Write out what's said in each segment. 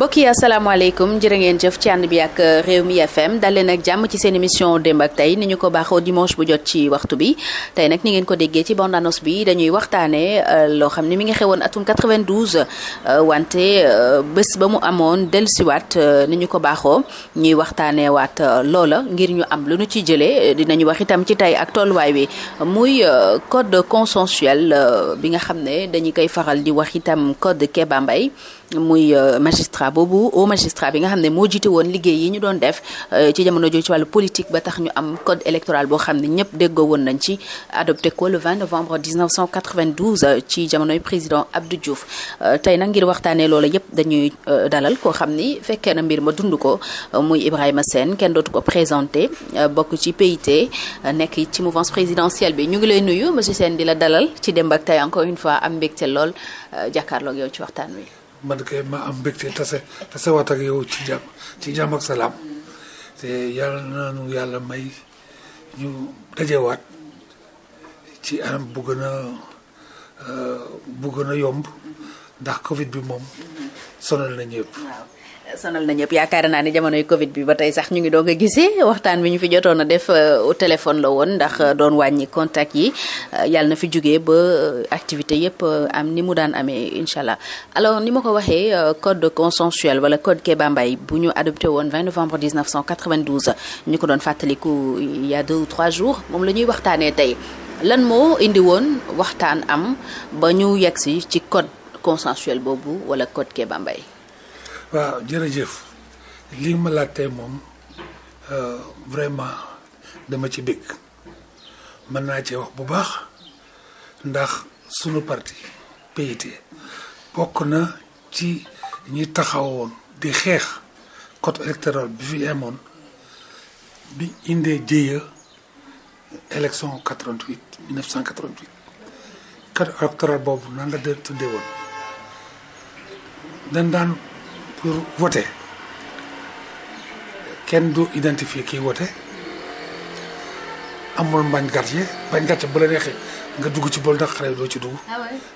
mbokk yi asalaamaaleykum jërë ngeen jëf ci ànd bi ak euh, Rewmi FM dal leen jàmm ci seen émission démb ak tey ni ñu ko baaxoo dimanche bu jot ci waxtu bi tey nag ni ngeen ko déggee ci bande annonce bi dañuy waxtaanee euh, loo xam ne mi ngi xewoon atum 92 euh, wante bés ba mu amoon dellusiwaat ni ñu ko baaxoo ñuy waxtaanee waat loola ngir ñu am lu ñu ci jëlee dinañu wax itam ci tey ak tolluwaay wi muy code consensuel bi nga xam ne dañu koy faral di wax itam code Kéba Mbaye muy euh, magistrat boobu au magistrat bi nga xam ne moo jiite woon liggéey yi ñu doon def euh, ci jamono jooju ci wàllu politique ba tax ñu am code électoral boo xam ne ñëpp déggoo woon nañ ci adopté ko le 20 novembre 1992 euh, ci jamonoy président Abdou Diouf tey nag ngir waxtaanee loolu yëpp dañuy dalal koo xam ni fekkee na mbir ma dund ko muy Ibrahima seen kenn dootu ko présenté bokk ci PIT nekk ci mouvance présidentielle bi ñu ngi lay nuyu monsieur seen di la dalal ci démb ak tey fois am mbégte lool jàkkaarloog yow ci waxtaan wi. man kay ma am mbégte tase tasewaat ak yow ci jàmm ci jàmm ak salaam te yàlla nu yàlla may ñu dajewaat ci anam bu gën a euh, bu gën a yomb ndax Covid bi moom sonal na ñëpp. sanal na ñëpp yaakaar naa ne jamonoy Covid bi ba tey sax ñu ngi doog a gisee waxtaan bi ñu fi jotoon a def euh, téléphone la woon ndax euh, doon wàññi contact yi euh, yàlla na fi jugee ba activité yëpp am ni mu daan amee incha allah alors ni ma ko waxee code consensuel wala code Kéba mbay bu ñu adopté woon 20 novembre 1992 ñu ko doon fàttaliku il y a deux ou trois jours moom la ñuy waxtaanee tey lan moo indi woon waxtaan am ba ñu yegg si ci code consensuel boobu wala code Kéba Mbaye waaw jërëjëf lii ma laajtee moom euh, vraiment dama ci bég mën naa cee wax bu baax ndax sunu parti PIT bokk na ci ñi taxawoon di xeex code électoral bi fi amoon bi indee jëya élection 88 1988 code électoral boobu nan la de woon dañ daan. pour voter kenn du identifier kii vote amul mbañ quartier mbañ quartier bu la neexee nga dugg ci bool ndax xale doo ci dugg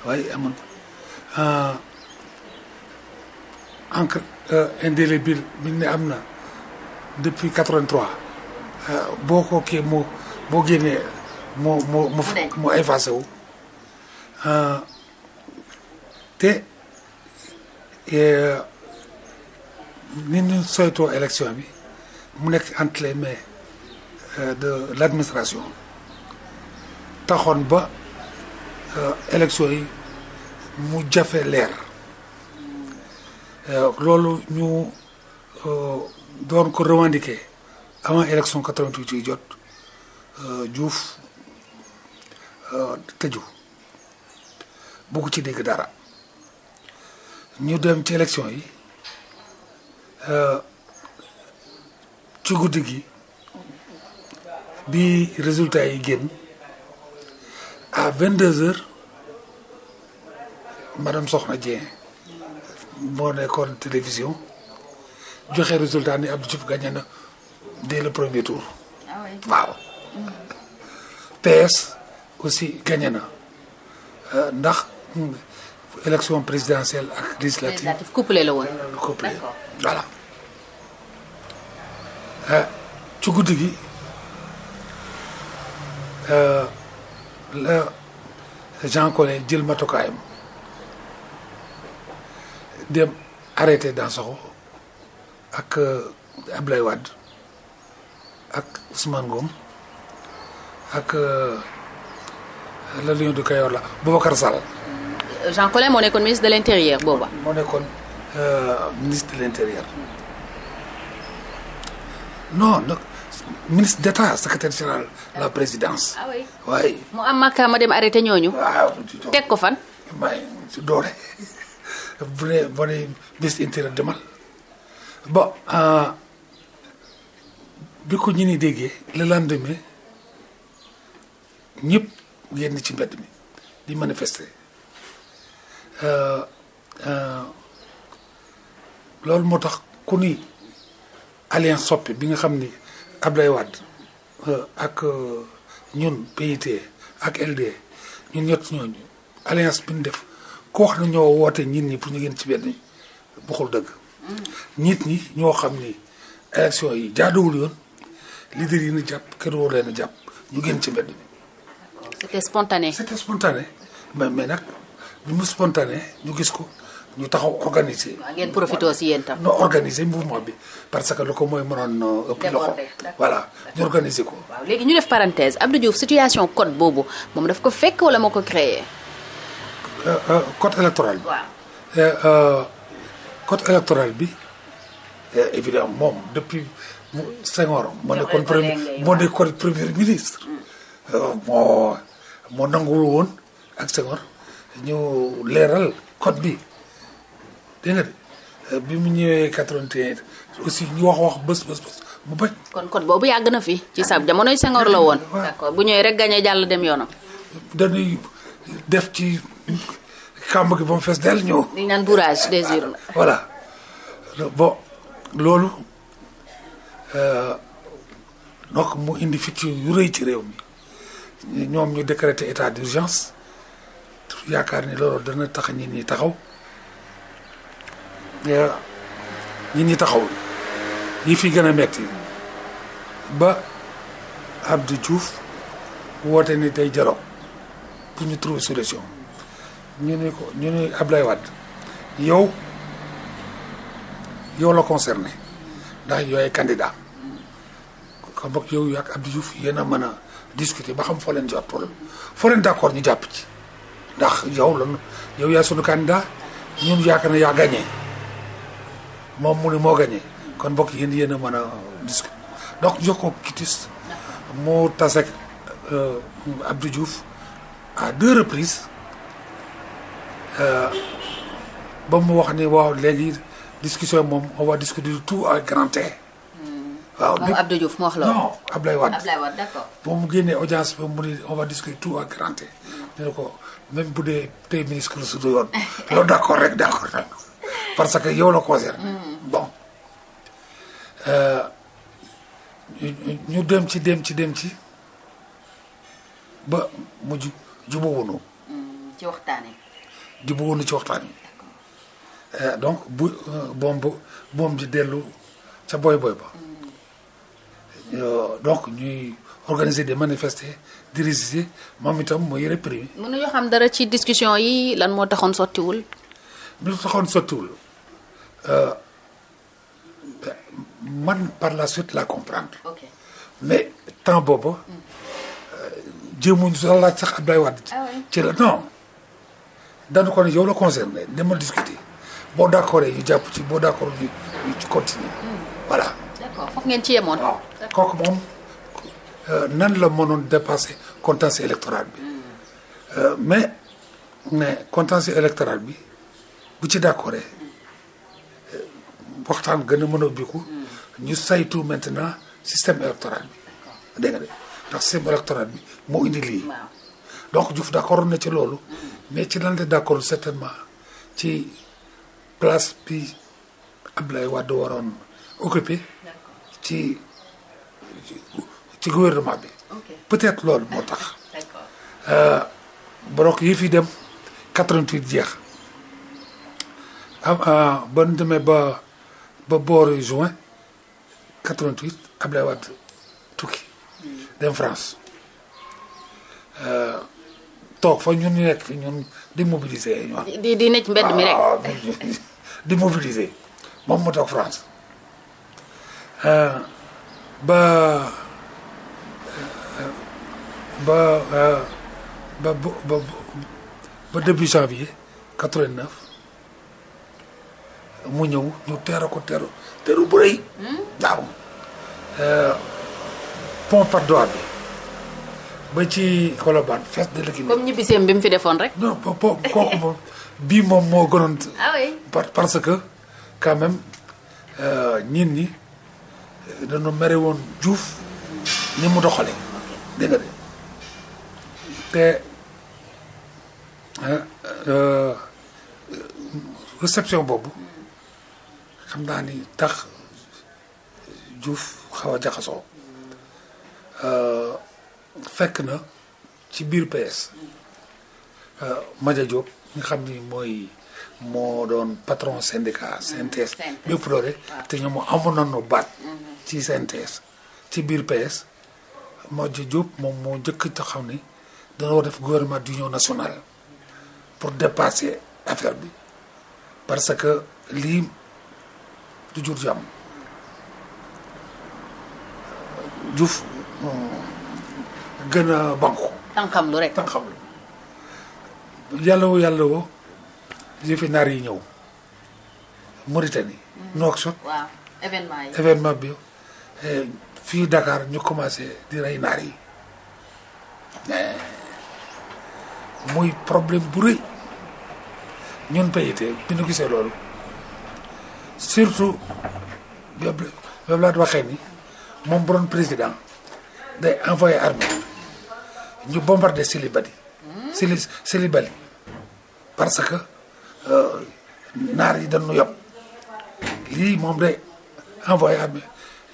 waaye ah amul euh, encre euh, indélébile bi ne am na depuis 83 euh, boo ko kii moo boo génnee moo moo moo moo effacé wu te ni ñu saytoo élection bi mu nekk entre les mains euh, de l'administration taxoon ba euh, élection yi mu jafe leer euh, loolu ñu doon ko revendiquer avant élection 88 yi jot Diouf tëju bugg ci dégg dara ñu dem ci élection yi ci guddi gi bi résultat yi génn a vingt deux heures madame Soxna Dieng moo nekkoon télévision joxe résultat ni Abdou jif gagné na dès le premier tour ah waaw PS aussi gagné na euh, ndax élection présidentielle ak législative couplé la woon Eh, ci guddi gi eh, la Jean Collin jël matukaayam dem arrêté Dansokho ak eh, Ablaye Wade ak Ousmane Ngom ak le lion du Kayor la Boubacar Sall. Jean Collin moo nekkoon ministre de l' intérieur moo nekkoon ministre de l' non le ministre d'État secrétaire général de la présidence. ah waaye. mu am makka ma dem arrêté ñooñu. waaw ah, teg ko fan. may si doole bu dee bu ministre intérieur demal bon euh, bi ko ñu ni déggee le lendemain ñëpp génn ci mbedd mi di manifester euh, euh, loolu moo tax ku ni. alliance soppi bi nga xam ni Abdoulaye Wade euh, ak euh, ñun PIT ak LD ñun ñett ñooñu alliance bi ñu def ko wax na ñoo woote nit ñi pour ñu gën ci benn buxul dëgg nit ñi ñoo xam ni élection yi jaaduwul yoon leader yi ñu jàpp kenn woo leen a jàpp ñu gën ci benn c'était spontané c'était spontané mais mais nag bi mu spontané ñu gis ko ñu taxaw organiser. waaw ngeen profité aussi yéen tam. non organiser mouvement bi parce que lu ko mooy mënoon euh, ëpp loxo. voilà ñu organiser ko. waaw léegi ñu def parenthèse Abdou Diouf situation code boobu moom daf ko fekk wala moo ko créé. Euh, euh, code électoral bi. waaw code électoral bi évidemment moom depuis Senghor moo nekkoon premier moo nekkoon premier ministre. Mm. moo moo nanguwul woon ak Senghor ñu leeral code bi. dégg nga euh, bi mu ñëwee 81 aussi ñu wax wax bës bës bës mu bañ. kon kon boobu yàgg na fi ci sab jamonoy Senghor la woon. d'accord bu ñëwee rek gañe jàll dem yoonam. dañuy def ci kàmb gi ba mu fees del ñëw. dañu naan bourrage des urnes. Ah, voilà bo loolu euh, donc mu indi fitna yu rëy ci réew mi ñoom ñu décréter état d'urgence yaakaar ni loolu dana tax nit ñi taxaw. nit ñi taxawul yi fi gën a metti ba Abdou Diouf woote ni tey jaro pour ñu trouver solution ñu ne ko ñu ne Ablaye Wade yow yow la concerné ndax yooyu candidat xam nga yow yaa ak Abdou Diouf yéen a mën a discuter ba xam foo leen jot problème foo leen d'accord ñu jàpp ci ndax yow lan yow yaa sunu candidat ñun yaakaar na yaa gagné. moom mu ne moo gagné kon bokk yéen yéen a mën a discuter donc jokkoo kitis mu tasek euh, Abdou Diouf à deux reprises euh, ba mu wax ni waaw léegi discussion moom on va tout à grand T. Hmm. waaw moom Abdou Diouf mu génnee audience ba mu ne on va discuter tout à grand T. Hmm. ne ko même bu dee tey ministre su du yoon loolu d'accord rek d'accord d'accord. parce que yow la concerne. Mm. bon euh, ñu dem ci dem ci dem ci ba mu ju jubóowuñu. Mm, ci waxtaan yi. jubóowuñu ci waxtaan yi. Euh, donc bu boom bu euh, boom ji dellu ca boy boy ba. Mm. donc ñuy organiser des manifester diriger moom itam mooy ne mënuñoo xam dara ci discussion yi lan moo taxoon sottiwul. lu taxoon sottiwul. Euh, man par la suite la comprendre. Okay. mais temps boobu. Euh, jéemuñu sax la sax Abdoulaye Wade. Ah ci la non. dañu ko ne yow la concerné demal discuter boo d' accord ñu jàpp ci boo d' accord ñu ñu continuer. Hmm. voilà. d' accord ci yemoon. kooku moom euh, nan la mënoon dépasser contentieux électoral bi. Hmm. mais mais contentieux électoral bi bu ci d' accordé waxtaan gën a mën a ubbiku ñu saytu maintenant système électoral bi dégg de ndax système électoral bi moo indi lii donc Diouf d'accord na ci loolu mais ci lan la d'accord certainement ci place bi Abdoulaye Wade waroon occupé ci ci gouvernement bi peut-être loolu moo tax borok euh, yi fi dem 88 jeex am euh, ba ba ba booru juin 88 Abdoulaye Wade tukki dem France euh, toog fa ñun ñu nekk fi ñun di di di nekk mbedd mi rek ah, di mobiliser moom mu France euh, ba euh, ba ba ba ba début janvier 89. mu ñëw ñu teeru ko teeru teeru bu rëy. Hmm? waaw euh, pont par doigt bi ba ci Colobane fees de léegi. comme ñibbiseem bi mu fi defoon rek. non po kooku moom bii moom moo gënoon. ah oui parce que quand même euh, ñin ñi euh, dañoo mere woon juuf ni mu doxale dégg te réception boobu. xam naa ni tax Diouf xaw a jaxasoo euh, fekk na ci biir PS euh, Madia Diop nga xam ni mooy moo doon patron syndicat CNTS mm-hmm. bi ploré te ñoom amoon nañu baat mm-hmm. ci CNTS ci biir PS Madia Diop moom moo njëkk a xam ni dañoo def gouvernement d'union national pour dépasser affaire bi parce que lii du jur jàmm hmm, gën a banku. tànqam lu rek tànqam lu. yàlla woo yàlla woo yëfi naar yi ñëw Mauritanie. Hmm. Nouakchott waaw événement yi événement bi eh, fii dakaar ñu commencé di rey naar yi eh, muy problème bu rëy ñun payité bi ñu gisee loolu. surtout bi Abdoulaye Wade waxee ni moom bu doon président day envoyé armée ñu bombardé Silibadi Sili parce que euh, naar yi dañu yóbbu lii moom day envoyé armée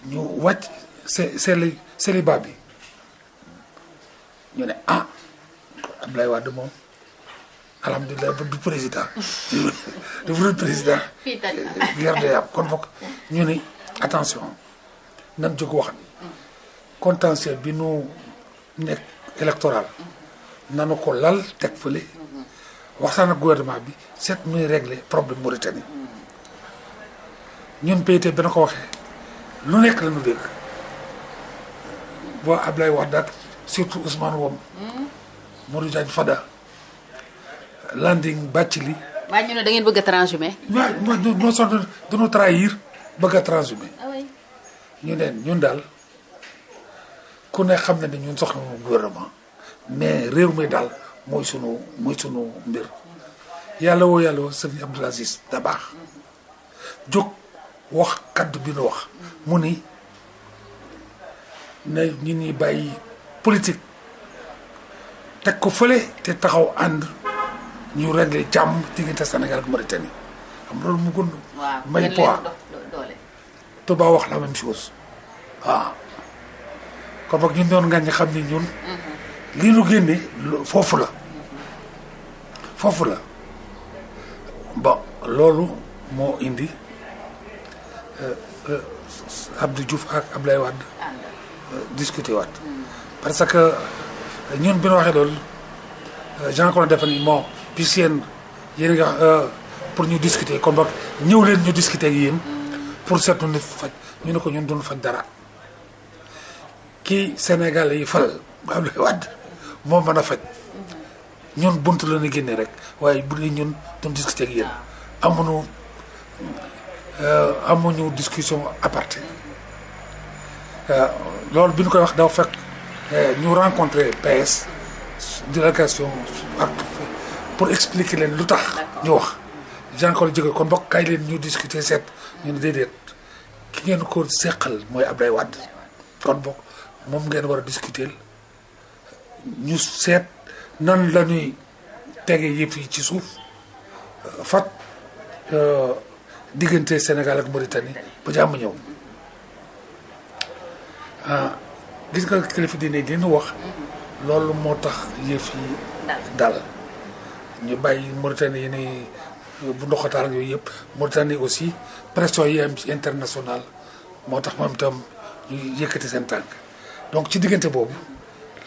ñu wàcc se Seli Seliba bi ñu ne ah lay Wade moom. alhamdulilah du président. du du président. fii tànn kon boog ñu ne attention nan jóg wax ni contentieux bi nu nekk électoral nanu ko lal teg fële waxtaan ak gouvernement bi seet muy régler problème Mauritanie ñun PIT bi na ko waxee lu nekk la ñu dégg boo Ablaye wax daal surtout Ousmane Wom hmm? Modou Diagne Fada. Landing Bathily. waaw ñu ne da ngeen bëgg a transhumé. waaw ñoo ñoo sonn dañoo trahir bëgg a transhumé. Ah ñu ne ñun daal ku ne xam na ne ñun soxla na gouvernement mais réew mi daal mooy sunu muy sunu mbir yàlla woo yàlla woo sëñ Abdoul Aziz da baax jóg wax kaddu bi nu wax mu ni na ñu ñuy bàyyi politique teg ko fële te taxaw ànd. ñu réglé jàmm diggante Sénégal ak Mauritanie xam loolu mu gën. may poids Touba wax la même chose waaw. kon nag ñun doon nga xam ni ñun. Mm-hmm. lii nu génne foofu la mm-hmm. foofu la bon loolu moo indi euh, euh, Abdou Diouf ak Abdoulaye Wade euh, discuter waat mm. parce que ñun bi ñu waxee loolu Jean Collin defe ni moo. puis seen yéen nga euh, pour ñu discuter kon boog ñëw leen ñu discuter ak yéen pour setu nit faj ñu ne ko ñun duñu faj dara kii Sénégal yi fa ba am lay wàdd moo mën a faj ñun bunt la ñu génne rek waaye bu dee ñun duñu discuter ak yéen amuñu euh, amuñu discussion à part euh, loolu bi ñu koy wax daw fekk ñu rencontré PS délégation ak pour expliquer leen lu tax ñu wax Jean-Claude jóge kon bokk kaay leen ñu discuter seet ñu ne déedéet ki ngeen ko seqal mooy Abdoulaye Wade kon bokk moom ngeen war a discuter ñu seet nan la ñuy tege yëpp yi ci suuf fat euh, diggante Sénégal ak Mauritanie ba jàmm ñëw ah, gis nga kilifa diine yi wax loolu moo tax yëf yi dal ñu bàyyi Mauritanie ni bu ndoxataan yooyu yëpp Mauritanie aussi pression yi am ci international moo tax moom tam ñu yëkkati seen tànk donc ci diggante boobu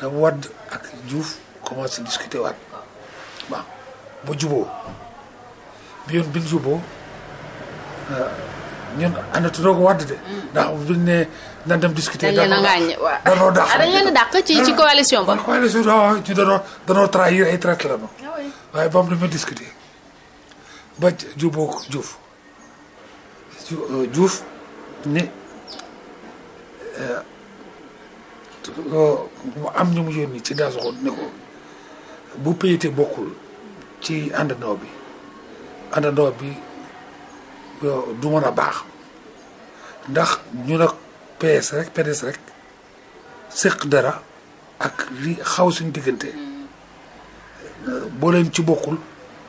la Wade ak juuf commencé discuter waat waaw juboo bi yoon bi ñu juboo euh, ñun àndatuloo ko de. Mm. ndax buñ ne nan dem discuter. dañ leen a ngaañ ah, a ci ci hmm. coalition ba. coalition waaw ci danoo danoo trahir ay traître la waaye ba mu demee discuter ba jubóo ko juuf euh, Diouf ne euh, euh, mu am ñu mu yónni ci daa soxoon bu payité bokkul ci àndandoo bi àndandoo bi du mën a baax ndax ñu nag PS rek PDS dara ak li xaw suñu diggante boo leen ci bokkul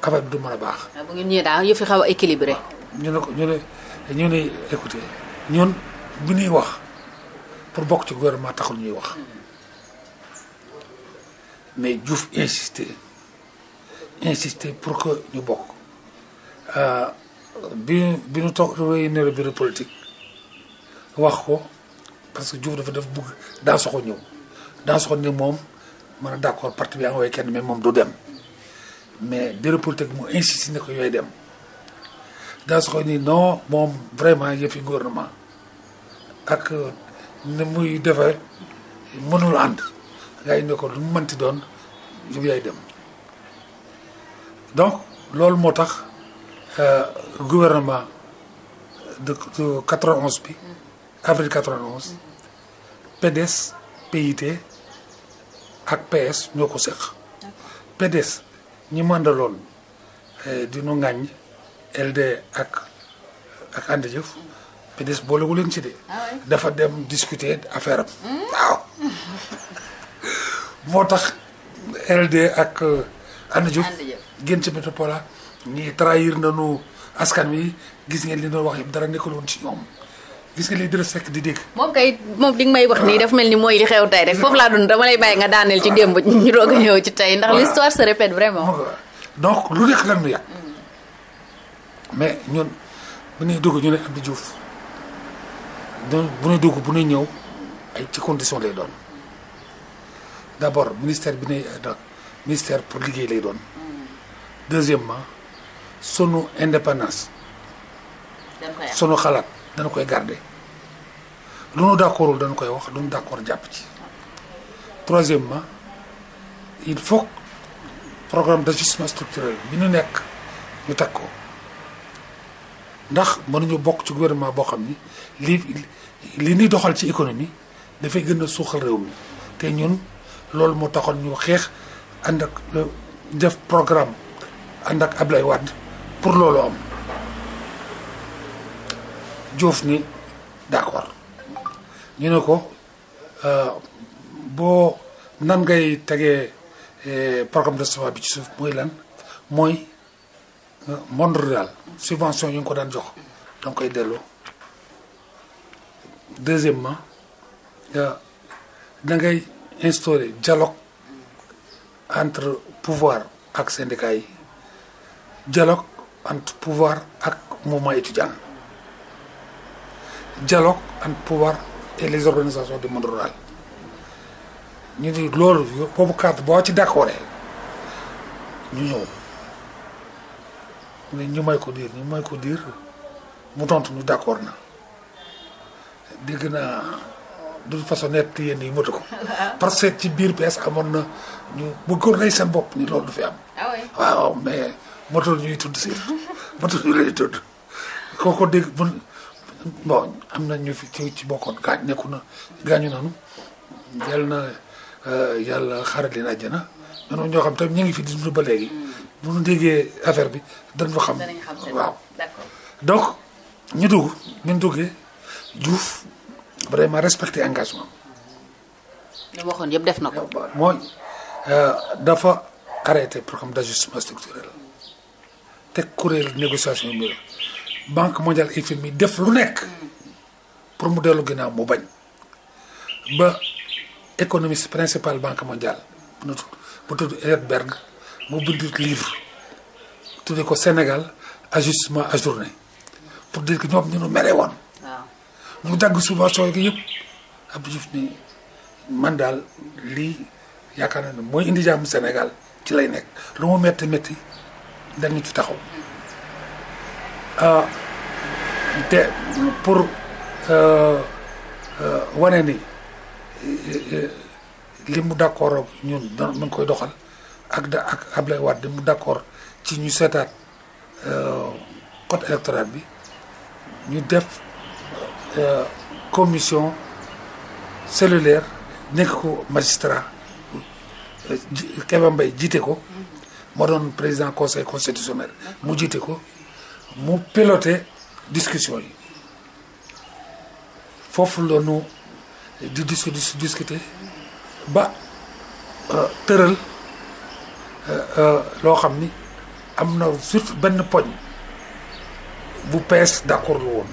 café bi du mën a baax. Ah, bu ngeen ñëwee yëf yi xaw a équilibré. ñu ne ko ñu ne ñu ne écoutez ñun bu ñuy wax pour bokk ci gouvernement taxul ñuy wax mais Diouf insisté insister pour que ñu bokk ah, bi bi ñu toog réunion bureau politique wax ko parce que Diouf dafa def bëgg daa soxo ñëw daa soxo ni moom. mën a d' accord parti bi envoyé kenn mais moom du dem mais bureau politique mu insiste ne ko yooyu dem daa su ko nii non moom vraiment yëfi gouvernement ak euh, ni muy defee mënul ànd ngay ne ko mu mënti doon yëpp yaay dem donc loolu moo tax euh, gouvernement de de 91 bi avril 91 PDS PIT. ak PS ñoo ko seq PDS ñi màndaloon eh, di nu ŋàññ ak ak ànd jëf PDS boolewu leen ci de ah dafa dem discuter affaire am waaw hmm? moo tax LD ak ànd eh, jëf génn ci métropole ñi trahir nañu askan wi gis ngeen li doon wax yëpp dara nekkul ci ñoom gis nga li Idrissa Seck di dégg. moom kay moom li nga may wax nii daf mel ni mooy li xew tey rek foofu laa dund dama lay bàyyi nga daaneel ci démb ñu doog a ñëw ci tey ndax l'histoire se répète vraiment. donc lu nekk lan nu yàq hmm. mais ñun bu ñuy dugg ñu ne Abdou Diouf bu ñuy dugg bu ñuy ñëw ay ci condition lay doon d' abord ministère bi ne euh, ministère pour liggéey lay doon hmm. deuxièmement sunu indépendance sunu xalaat dana koy garder lu nu d'accordul dana koy wax lu nu d'accord jàpp ci troisièmement il faut programme d'ajustement structurel bi ñu nekk ñu teg ko ndax mënuñu bokk ci gouvernement boo xam ni li li nuy doxal ci économie dafay gën a suuxal réew mi te ñun loolu moo taxoon ñu xeex ànd ak euh, def programme ànd ak Ablaye wàdd pour loolu am Diouf ni d'accord ñu ne ko euh, boo nan ngay tegee euh, programme de semence bi ci suuf mooy lan mooy euh, monde rural subvention ñu ngi ko daan jox da nga koy delloo deuxièmement da ngay instaurer dialogue entre pouvoir ak syndicat yi dialogue entre pouvoir ak mouvement étudiant dialogue entre pouvoir et les organisations du monde rural ñu di loolu boobu cadre boo ci d'accord ñu ñëw ñu ñu may ko diir ñu may ko diir mu tontu ñu d'accord na dégg naa du façon nett yéen yi motu ko parce que ci biir PS amoon na ñu bëggoon na seen bopp ni loolu du fi am ah waaw mais motul ñuy tudd si motul ñu lay tudd kooko dégg bon am na ñu fi ci ci bokkoon gaañ nekku na gaañu nañu yal na euh, yàlla xaaral leen àjjana ñun ñoo xam tamit ñu ngi fi di dund ba léegi. Hmm. bu ñu déggee affaire bi dañ xam. waaw donc ñu dugg bi ñu duggee Diouf vraiment respecté engagement li mu waxoon def na ko. mooy euh, dafa arrêté programme d' structurel teg kuréel négociation bi banque mondiale FMI def lu nekk pour mu dellu ginnaaw mu bañ ba économiste principal banque mondiale bu na tudd bu tudd Eretberg mu ko Sénégal ajustement ajourné pour dire que ñoom ñu nu mere woon ñu dagg subvention yi yëpp Abdou Diouf ni man daal lii yaakaar na ne mooy indi jàmm Sénégal ci lay nekk lu mu metti métti ñu ci taxaw Euh, te pour euh, euh, wane ni li mu d'accord ñun mu ngi koy doxal ak da ak Ablaye Wade mu d'accord ci ñu seetaat code électoral bi ñu def commission cellulaire nekk ko magistrat Keba Mbaye jiite ko moo doon président conseil constitutionnel mu jiite ko mu piloté discussion yi foofu la ñu di dis discuter ba euh, tëral euh, euh, loo xam ni am na surtout benn poñ bu PS d'accord lu woon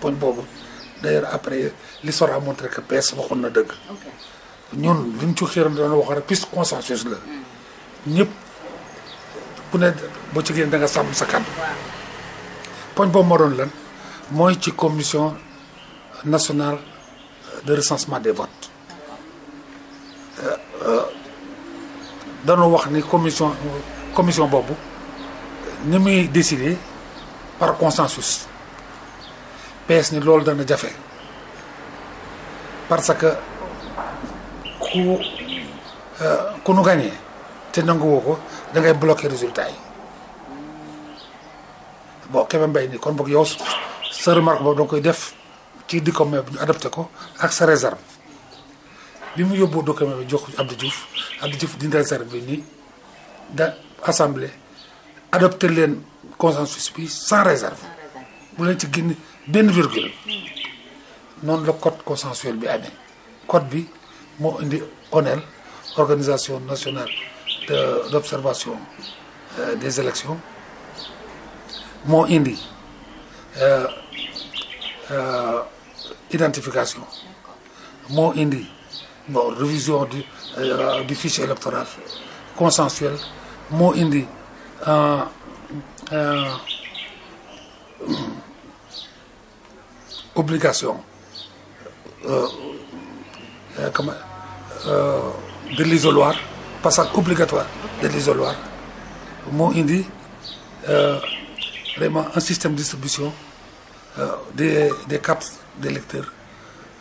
poñ boobu d'ailleurs après l'histoire a montré que PS waxoon na dëkk ñun luñ ci xiiran doon wax rek plus consensus la hmm. ñëpp bu ne boo ci génn da nga sàmm sa kàddu poñ boobu moo doon lan mooy ci commission nationale de recensement des votes euh, euh, dañoo wax ni commission commission boobu ni muy décider par consensus PS ni loolu dana jafe parce que ku euh, ku nu gagné te nanguwoo ko da ngay bloquer résultat yi. boo Kébé mbay ni kon boog yow sa remarque boobu danga koy def ci dicomé bi ñu adopté ko ak sa réserve bi mu yóbbu document bi jox Abdou Diouf Abdou dina réserve bi ni da assemblée adopté leen consensus bi sans réserve bu leen ci génn benn virgule noonu la code consensuel bi amee code bi moo indi ONEL organisation nationale de d' observation euh, des élections moo indi euh, euh, identification moo indi bon révision du euh, du fichier électoral consensuel moo indi obligation comment de l'isoloir passage obligatoire de moo indi. vraiment un système de distribution euh, des, des cartes d'électeurs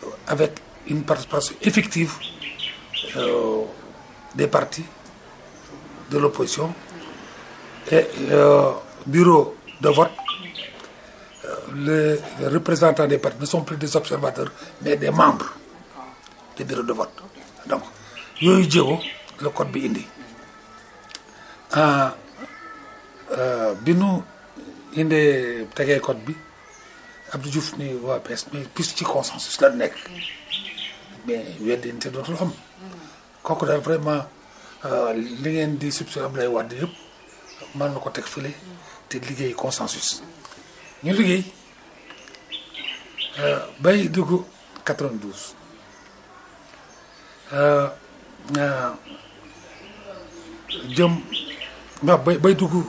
euh, avec une participation effective euh, des partis de l'opposition et euh, bureau de vote. Euh, le représentants des partis ne sont plus des observateurs mais des membres des bureaux de vote donc yooyu jéego le code bi indi indee tegee code bi Abdou Diouf ni waa PS mais plus ci consensus la nekk mais weddinte dootul xam kooku daal vraiment euh, li ngeen di substitut Abdoulaye Wade yëpp mën na ko teg fële te liggéey consensus ñu liggéey euh, bay dugg 92 euh, jëm waaw bay bay dugg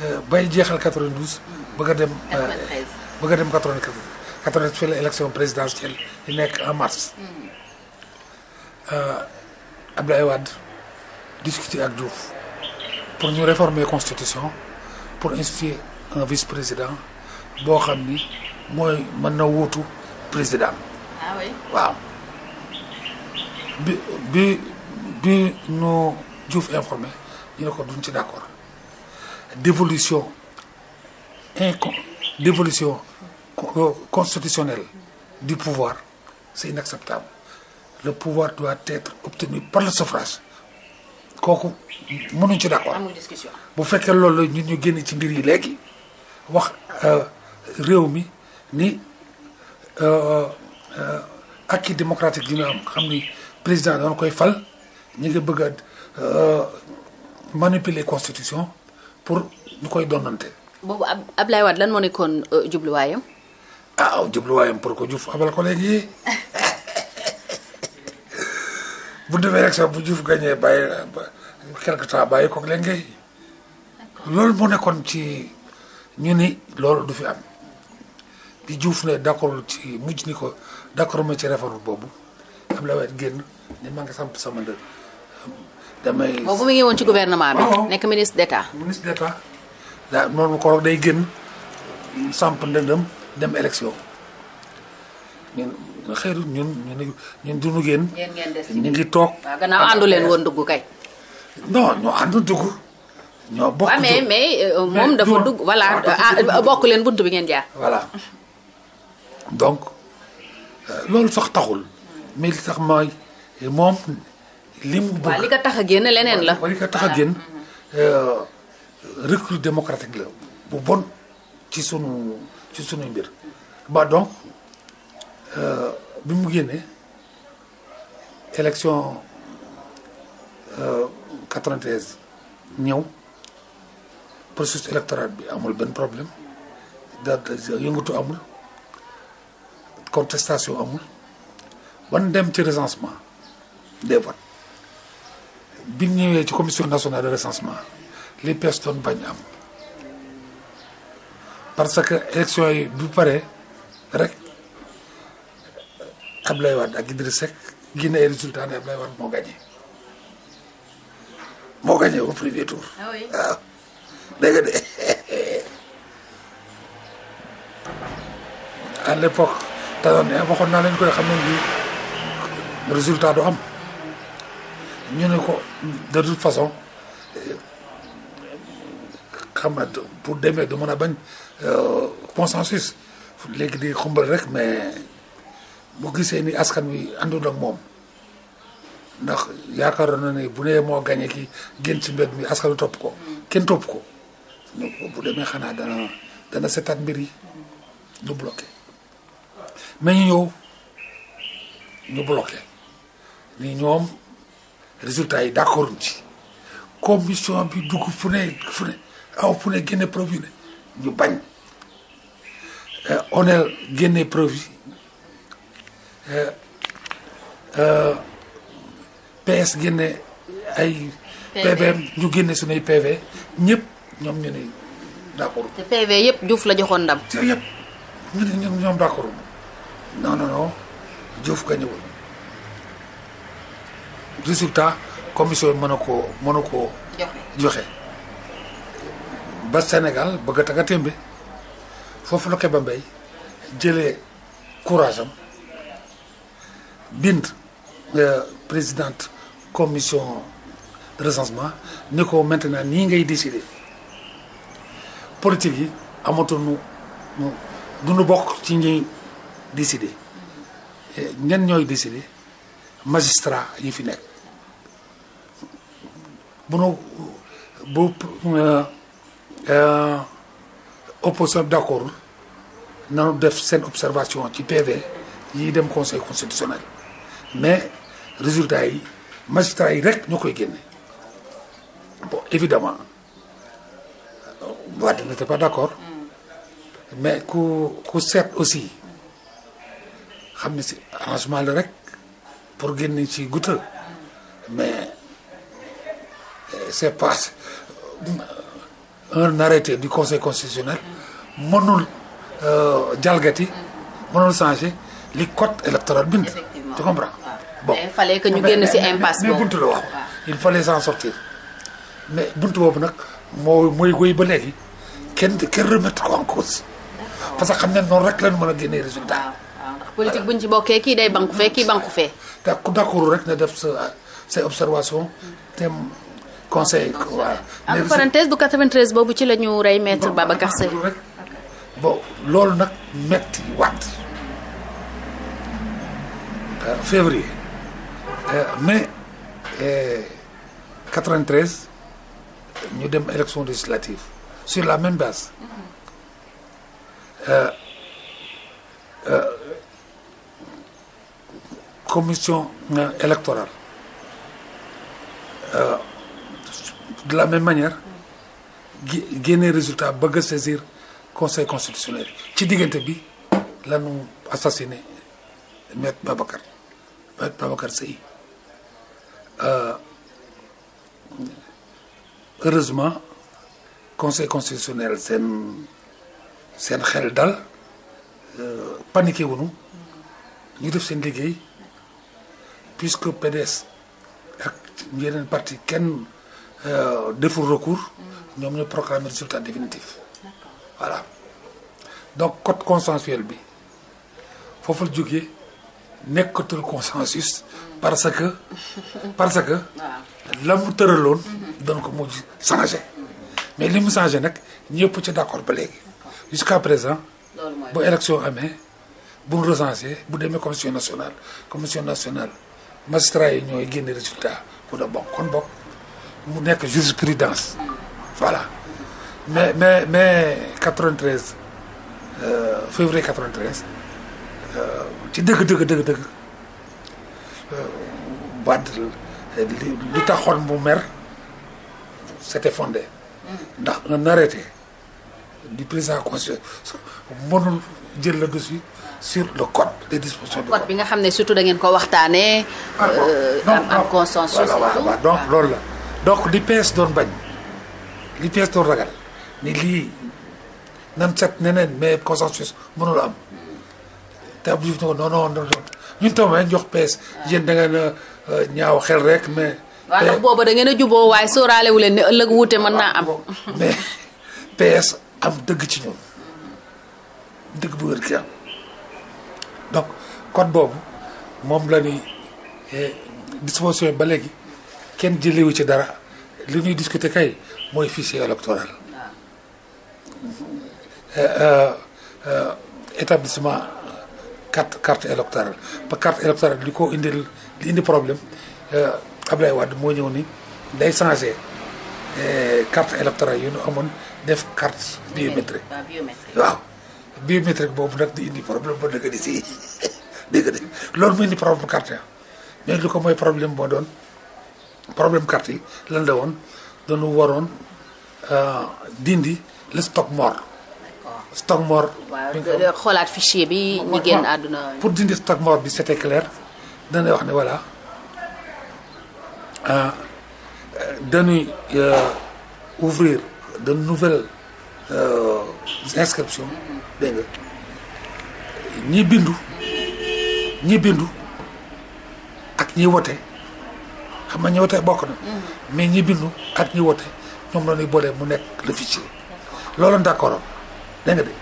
Euh, bay jeexal 92. bëgg a dem 93 euh, bëgg a dem 94. 94 fii la élection présidentielle di nekk en mars. Hmm. Euh, Abdoulaye Wade discuter ak Diouf pour ñu réformer constitution pour instituer un vice-président boo xam ni mooy mën na wuutu président. Ah waaw. bi bi bi ñu Diouf informé ñu ne ko duñ ci d'accord. d'évolution incon d'évolution euh, constitutionnelle du pouvoir c'est inacceptable le pouvoir doit être obtenu par le suffrage kooku mënuñ ci d'accord bu fekkee loolu la ñun ñu génne ci mbir yi léegi wax euh, réew mi ni euh, acquis démocratique yi ñu am xam ni président doon koy fal ñu ngi bëgg a manipuler constitution pour ñu koy donante boobu ab Ablaye Wade lan moo nekkoon euh, jubluwaayam. ah jubluwaayam pour ko Diouf abal ko léegi bu demee rek sax bu Diouf gagné bàyyi quelque temps bàyyi ko léegi loolu moo nekkoon ci ñu ni loolu du fi am bi Diouf ne d'accord ci mujj ni ko d'accord ma ci réforme boobu Ablaye Wade génn ni maa ngi samp sama ndënd. damay. boobu mi ngi woon ci gouvernement bi. Oh. nekk ministre d' état. ministre d' état noonu ko day génn samp ndëndëm dem élection ñu ngi toog. waaw gannaaw àndu leen woon dugg kay. non ñoo àndu dugg. ñoo bokk mais mais euh, dafa dugg voilà ah, bokk leen bunt bi ngeen jaar. voilà donc euh, loolu sax taxul. mais li tax moom li mu bëgg waaw li ko tax a génn leneen la. waaw ko tax a génn euh, recul démocratique la bu bon ci sunu ci sunu mbir. ba donc euh, bi mu génnee élection 93 euh, ñëw processus électoral bi amul benn problème da yëngatu amul contestation amul ban dem ci recensement des votes. bi ñëwee ci commission nationale de recensement les personnes bañ am parce que élection yi bu pare rek Ablaye Wade ak Idriss Seck génne ay résultats ne moo gagné moo gagné au premier tour. ah oui waaw dégg nga de à l'époque waxoon naa leen koy xam ne résultat du am. ñu ne ko de toute façon xam nga pour demee du mën a bañ euh, consensus léegi di xumbal rek mais bu gisee ni askan wi àndul ak moom ndax yaakaar na ni bu nee moo gañe ki génn ci mbed mi askan wi topp ko kenn topp ko bu demee xanaa dana dana seetaat mbir yi ñu bloqué mais ñu ñëw ñu bloqué ni ñoom. résultat yi d'accord ci commission bi dugg fu ne fu ne aw fu ne génne preuve ne ñu bañ euh, onel génne preuve euh, euh, PS génne ay PVM ñu génne suñuy ñëpp ñoom ñu ne d'accord te PV yëpp Diouf la joxoon ndam. te yëpp ñu résultat commission mën a koo mën a koo joxe ba Sénégal bëgg a taga témbe foofu la Keba Mbaye jëlee couragem am bind euh, présidente commission de recensement ni ko maintenant nii ngay décider politique yi amatuñu du ñu bokk ci ñuy décider ñenn ñooy décider magistrat yi fi nekk bunu bu eh, eh, opposant d'accord nanu def seen observation ci PV yi dem conseil constitutionnel mais résultat yi magistrat yi rek ñoo koy génne bon évidemment euh, Wade n'était pas d'accord mm. mais ku ku seet aussi xam ni si arrangement la rek pour génn ci guta mm. mais se passe un arrêté du conseil constitutionnel mënul euh, jalgati mënul changé li code électoral bint te tu bo bon. que ñu génn ci impasse boobu mais buntu la wax il fallait s'en sortir mais bunt boobu nag moo mooy wéy ba léegi kenn kenn remettre ko en cause. parce que xam ne noonu rek lañu mën a génnee résultat. politique bu ñu ci bokkee kii day banku fee kii banku fee. d'accord rek na def sa sa observation te. conseil waaw. en parenthèse du boobu ci la ñu rey maître Babacar Sèye bon loolu nag metti waat euh, février euh, mai 93 euh, ñu dem élection législative sur la même base euh, commission électorale. de la même manière génne résultat bëgg a saisir conseil constitutionnel ci diggante bi lanu assassiné maître Babacar maître Babacar Sèye euh, heureusement conseil constitutionnel seen seen xel dal euh, paniqué wuñu ñu def seen liggéey puisque PDS ak yeneen parti kenn Euh, deful recours ñoom ñoo proclamer résultat définitif voilà donc code consensuel bi foofu la jógee nekkatul consensus parce que parce que la mu tëraloon doon ko mujj changé mais li mu changé nag ñëpp ci d'accord ba léegi jusqu'à présent bu élection amee bu mu recensé bu demee commission nationale commission nationale magistrat yi ñooy génne résultat bu da bokk kon bokk mu nekk jurisprudence voilà mais mais mais 93 euh, février 93 euh, ci dëgg dëgg dëgg dëgg euh, Wade lu taxoon mu mer c'était fondé ndax un arrêté du président conseil mënul jël le dessus sur le code des dispositions du code bi nga xam ne surtout da ngeen ko waxtaanee. Ah, am am consensus. donc ah. loolu la. donc di pees doon bañ li pees doon ragal ni lii nan set neneen mais consensus mënul am te Abdou Diouf ne ko non ñun tam ma jox pees yéen da ngeen euh, ñaaw xel rek mais. waaw ndax boobu da ngeen a juboo waaye sóoraale wu leen ne ëllëg wuute mën naa am. mais PS am dëgg ci ñoom dëgg bu wér ki am donc code boobu moom la ni eh, disposition ba léegi kenn jëlewu ci dara li ñuy discuter kay mooy fichier électoral euh, euh, établissement carte carte électorale ba carte électorale li ko indil li indi problème euh, Ablaye Wade moo ñëw ni day changé carte électorale yu ñu amoon def carte biométrique waaw biométrique boobu nag di indi problème ba dëgg di si dëgg di loolu mu indi problème carte mais lu ko mooy problème boo doon problème carte yi lan la woon dañu waroon euh, dindi le stock mort. stock mort. xoolaat fichier bi ñu génn àdduna. pour dindi stock mort bi c'était clair dañuy wax ne voilà euh, dañuy euh, ouvrir de nouvelles inscriptions dégg nga ñi bindu ñi bindu ak ñi wote. xam nga ñi wote bokk na. Mm. mais ñi bindu ak ñi wote ñoom la ñuy boole mu nekk le fichier. loolu d'accord dégg de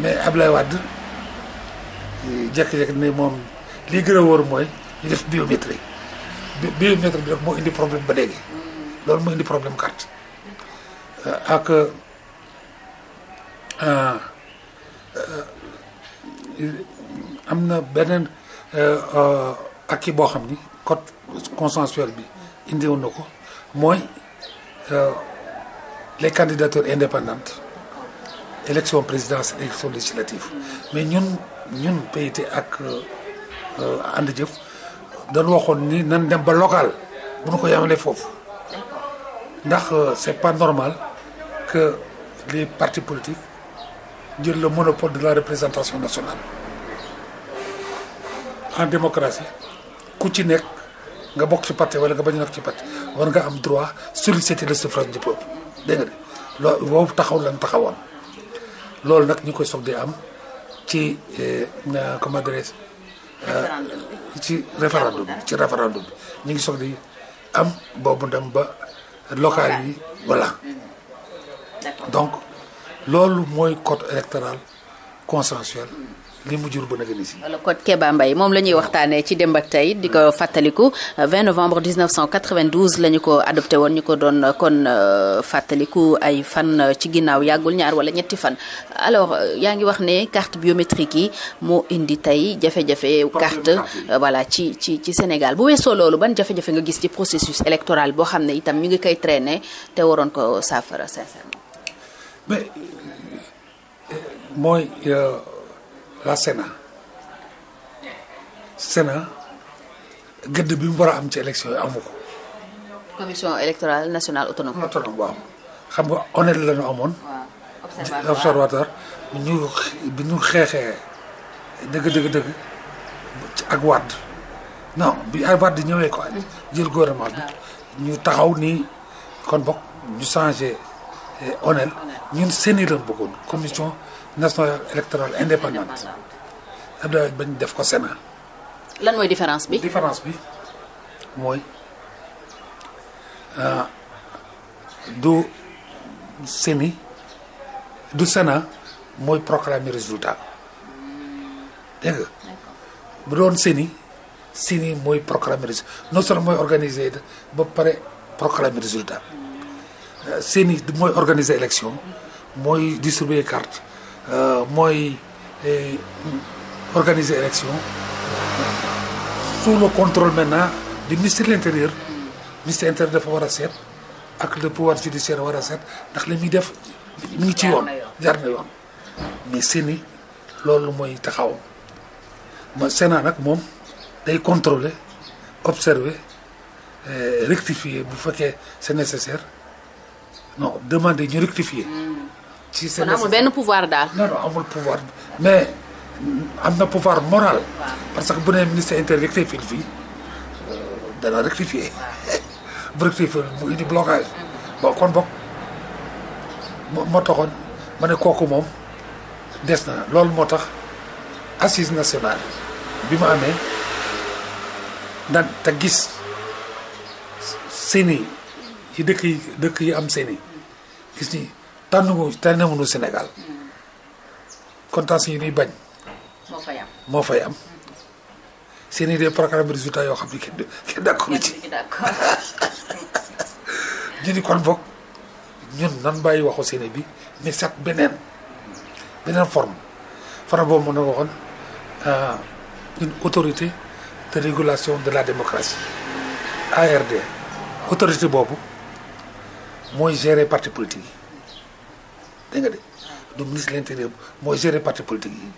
mais Abdoulaye Wade eh, jékki-jékki ne moom lii gën a wóor mooy ñu def biométrie biométrie bi nag moo indi problème ba léegi. loolu moo indi problème carte euh, ak euh, euh, am na beneen ak kii boo xam ni. code consensuel bi indi na ko mooy euh, les candidatures indépendantes élection présidentielle élection législative mais ñun ñun payité ak ànd euh, jëf dañu waxoon ni nan dem ba local bu nu ko yamalee foofu ndax euh, c'est pas normal que les partis politiques jël le monopole de la représentation nationale en démocratie ku ci nekk nga bokk ci parti wala nga bañ a nekk ci parti war nga am droit solliciter le suffrage du peuple dégg nga de loolu boobu taxaw lan taxawoon loolu nag ñu koy soog am ci euh, euh, comment dirais euh, ci référendum bi ci référendum bi ñu ngi soog am boobu dem ba local yi voilà donc loolu mooy code électoral consensuel li mu jur ba nag ni si. wala code Kéba moom la ñuy waxtaanee ci démb ak tey di ko mm. fàttaliku 20 euh, novembre 1992 la ñu ko adopté woon ñu ko doon euh, kon euh, fàttaliku ay fan ci ginnaaw yàggul ñaar wala ñetti fan alors yaa ngi wax ne carte biométrique yi moo indi tey jafe-jafe. carte voilà ci ci ci Sénégal bu weesoo loolu ban jafe-jafe nga gis ci processus électoral boo xam ne itam ñu ngi koy traîner te waroon ko saafara sincèrement. waa Sénat Sénat gëdd bi mu war am ci élection yi amu ko. commission électorale nationale autonome. waaw xam nga honnête lañu amoon. observatoire ñu xeexee dëgg dëgg dëgg ak Wade non bi ay Wade ñëwee quoi. jël gouvernement bi ñu taxaw nii kon bokk ñu changé eh, honnête ñun seeni lan bëggoon commission. nationale électorale indépendante Abdoulaye bañ def ko Sénat. lan mooy différence bi différence bi mooy euh, du semi du Sénat mooy proclamer résultat dégg bu doon seni seni mooy proclamer résultat non seulement mooy organiser ba pare proclamer résultat euh, seni mooy organiser élection mooy distribuer carte Euh, mooy euh, organiser élection sous le contrôle maintenant du ministère de l'intérieur ministère intérieur dafa war a set ak le pouvoir judiciaire war a set ndax li muy def mi ngi ci yoon jar na yoon mais loolu mooy taxawam ma nag moom day contrôler observer euh, rectifier bu fekkee c'est nécessaire demande demander ñu rectifier ci seen kon amul benn pouvoir daal. non non mais mm, am na pouvoir moral. parce que bu nee ministre intérieur rectifié fii euh, dana rectifier bu rectifié mu indi blocage. bon kon boog moo taxoon ma ne kooku moom des na loolu moo tax assise nationale bi mu amee nan te gis seeni yi dëkk yi dëkk yi am seeni gis ni. tànn ko tànn mënu Sénégal compétence yi ñuy bañ. moo fay am moo fay am. des programme yoo xam ni kenn kenn ci ñu ni kon boog ñun nan bàyyi waxu seen bi mais sax beneen beneen form forme boobu mën na waxoon euh, une autorité de régulation de la démocratie ARD autorité boobu mooy gérer parti politique yi dégg nga de du ministre de l'intérieur mooy gérer parti politique yi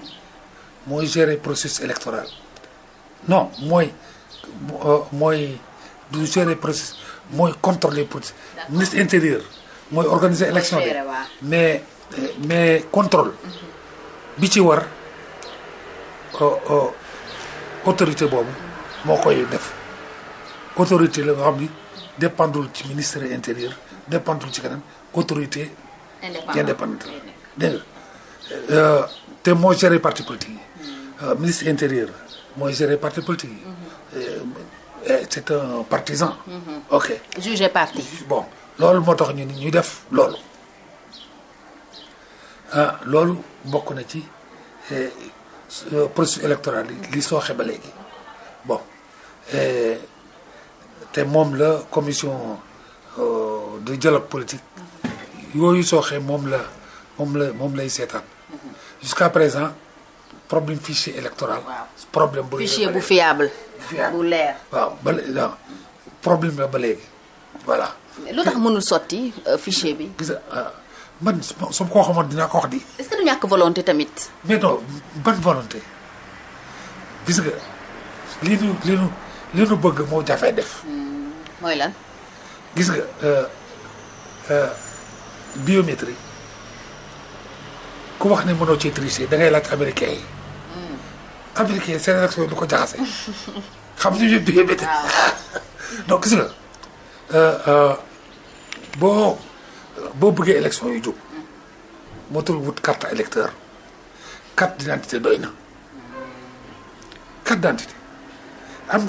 mooy gérer processus électoral non mooy euh, mooy du gérer processus mooy contrôler politique ministre intérieur mooy organiser élection bi mais euh, mais contrôle mm-hmm. bi ci war euh, autorité boobu moo koy def autorité la nga xam ni dépendul ci ministère intérieur dépendul ci kanam autorité ci indépendante dégg nga euh, te moo géré parti politique euh, ministre intérieur mooy géré parti politique yi euh, eh, c'est un partisan mm-hmm. ok jugé parti bon loolu moo tax ñu ni ñu def loolu ah loolu bokk na ci eh, processus électoral yi li sooxe ba léegi bon eh, te moom la commission du dialogue politique yooyu sooxe moom la moom la lay seetaan jusqu'à présent problème fichier électoral. problème bu fichier bu fiable. bu leer waaw ba waaw problème la ba léegi lu tax mënul sotti euh, fichier bi. gis euh, man su koo xamoon dinaa ko wax di. est-ce que du ñàkk volonté tamit. mais non ban volonté gis nga li nu li nu li nu bëgg moo jafee def. Hmm, mooy lan. gis nga. Euh, biométrie ku wax ne mënoo ci tricher da ngay laaj américain yi hmm. américain yi seen élection du ko jaxase xam nañu biométrie donc gis nga euh, euh, boo boo buggee élection yu jóg motul wut carte électeur carte d'identité doy na carte d'identité am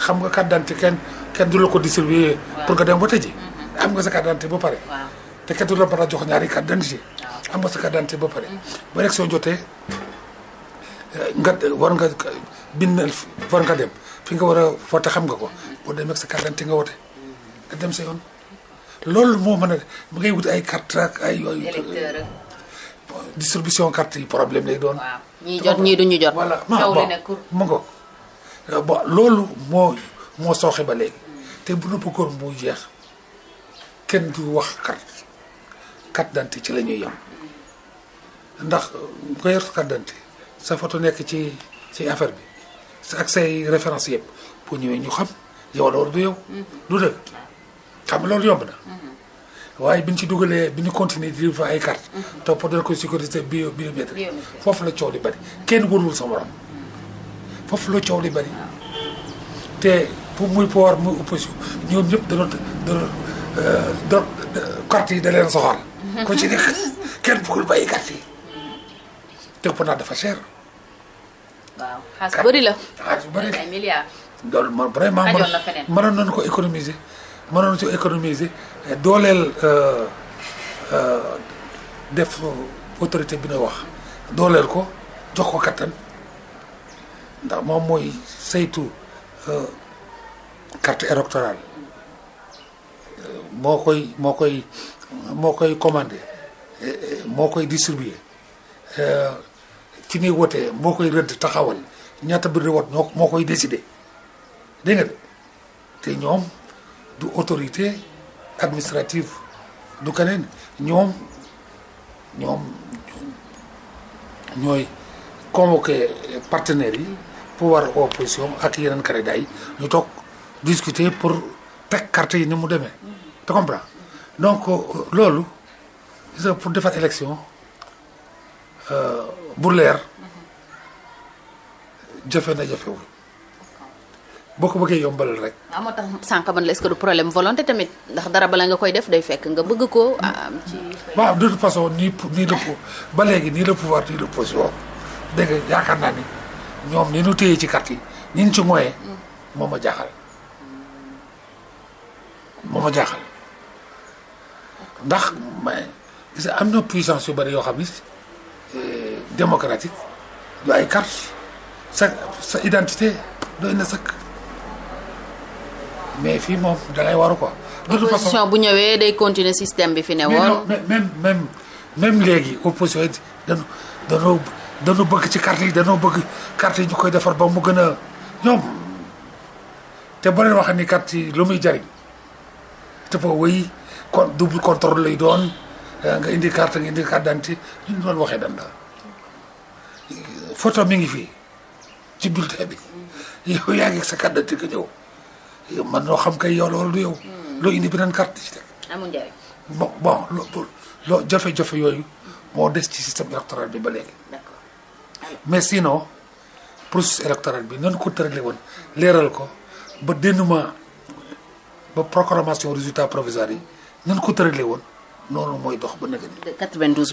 xam nga carte d'identité kenn kenn du ko distribuer pour nga dem voter ji mm-hmm. am nga sa carte d'identité ba pare te kenn du la mën jox ñaari carte d'identité am nga sa carte ba pare ba élection jotee eh, nga war nga bind war nga dem fi nga war a vote xam nga ko boo demee sa carte nga wote nga dem sa yoon loolu moo mën a mu ay carte ak ay yooyu yi problème lay doon ñii jot ñii duñu jot voilà mu ngo eh, bon loolu moo moo sooxe ba léegi te bu nëpp góor mu jeex kenn du wax carte carte d'identité ci lañuy ñuy yem ndax nga yor carte d'identité sa photo nekk ci ci affaire bi ak say référence yëpp boo ñëwee ñu xam yow la du yow. Mm-hmm. du dëgg xam nga loolu yomb na. Mm-hmm. waaye bi ñu ci dugalee bi ñu continuer di fa ay carte mm-hmm. topp dal ko sécurité bio biométrique foofu la coow di bari kenn wóorul sa morom foofu loo coow li bari te pour muy pouvoir muy opposition ñoom ñëpp dana dana dana carte yi da leen soxal. ku ci nekk kenn bëggul bàyyi gàtt yi te pourtant dafa cher. waaw xaalis bu la. xaalis bu bëri la ay milliards. loolu man vraiment mënoon mënoon nañu ko économiser mënoon nañu économiser eh, dooleel euh, euh, def autorité bi na wax dooleel ko jox ko kattan ndax moom mooy saytu euh, carte électorale moo koy moo koy. moo koy commandé moo koy distribué fi muy wotee moo koy rëdd taxawal ñaata biir di wot moo koy décidé dégg nga de te ñoom du autorité administrative du keneen ñoom ñoom ñooy convoqué partenaires yi pouvoir opposition ak yeneen candidat yi ñu toog discuter pour teg carte yi ni mu demee te donc euh, loolu gis pour defar élection euh, bu leer jafe na jafewul boo ko bëggee yombalal rek. waaw ah, moo tax sànq man la est-ce que du problème volonté tamit ndax dara bala nga koy def day fekk nga bëgg ko ah, am ci. waaw de toute façon nii nii la ba léegi nii la pouvoir nii la position dégg nga yaakaar naa ni ñoom ni ñu téye ci carte yi ci moyee. Mm. moo ma jaaxal moo ma jaaxal. ndax gis am na puissance yu bëri yoo xam ni euh, démocratique du ay carte sa sa identité doy na sëkk mais fii moom da lay waru quoi. de bu ñëwee day continuer système bi fi ne woon. même même même léegi opposition yi dañu dañoo bëgg ci carte yi dañoo bëgg carte yi ñu koy defar ba mu gën a ñoom te boo leen waxee ni carte yi lu muy jariñ te foofu kon double contrôle lay doon eh, nga indi carte nga indi carte d'identité li ñu doon waxee danda photo ngi fii ci bulletin bi yow yaa ngi sa carte nga ñëw man noo xam kay yow loolu du yow. Hmm. loo indi beneen carte di ci teg. amul njëriñ. bon bon loo yooyu moo des ci système électoral bi ba léegi. d'accord mais sinon processus électoral bi noonu ko tëralee woon leeral ko ba dénouement ba proclamation résultat provisoire yi. nan ko tëralee woon noonu mooy dox ba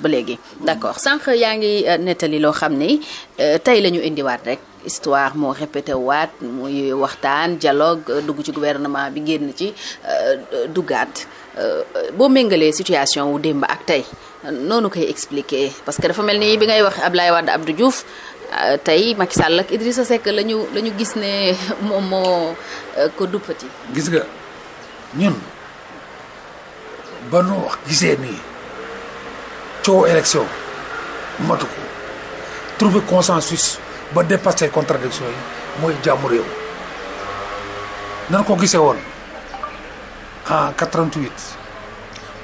ba léegi d'accord sànq yaa ngi euh, nettali loo xam ni euh, tey la ñu indiwaat rek histoire moo répété waat muy waxtaan dialogue euh, dugg ci gouvernement bi génn ci duggaat boo méngalee situation wu démb ak tey noonu koy expliquer parce que dafa mel ni bi ngay wax Ablaye Wade Abdou Diouf. tey Macky Sall ak Idrissa Seck la ñu la ñu gis ne moom moo ko duppati. gis nga ñun ba nu gisee nii coow élection matu ko trouver consensus ba dépasser contradiction yi mooy jàmmu réew nan ko gisee woon en 88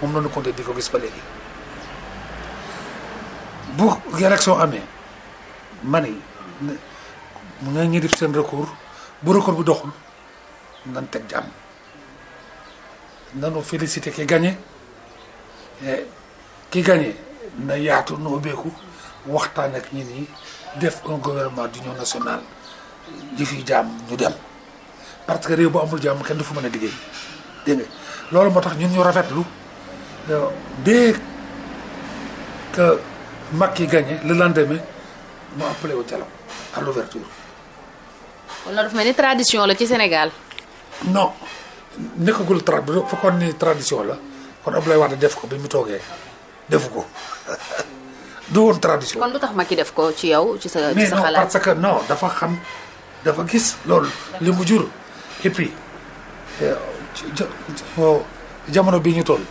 moom la ñu compté di ko gis ba léegi bu élection amee man yi mu nga ñi def seen recours bu recours bi doxul nan teg jàmm nanu félicité ki gagné ki gagné na yaatu na ubbeeku waxtaan ak ñi nii def un gouvernement d'union nationale li fi jàmm ñu dem parce que réew bu amul jàmm kenn du fa mën a liggéey dégg loolu moo tax ñun ñu rafetlu euh, dès que Macky gagné le lendemain mu appelé au dialogue à l'ouverture. kon loolu dafa ni tradition la ci Sénégal. non nekkagul tra bu tradition la. kon Abdoulaye Wade def ko bi mu toogee defu ko du woon tradition. kon lu tax Macky def ko ci yow ci sa ci sa xalaat parce que non dafa xam dafa gis loolu li mu jur et euh, jamono bi ñu toll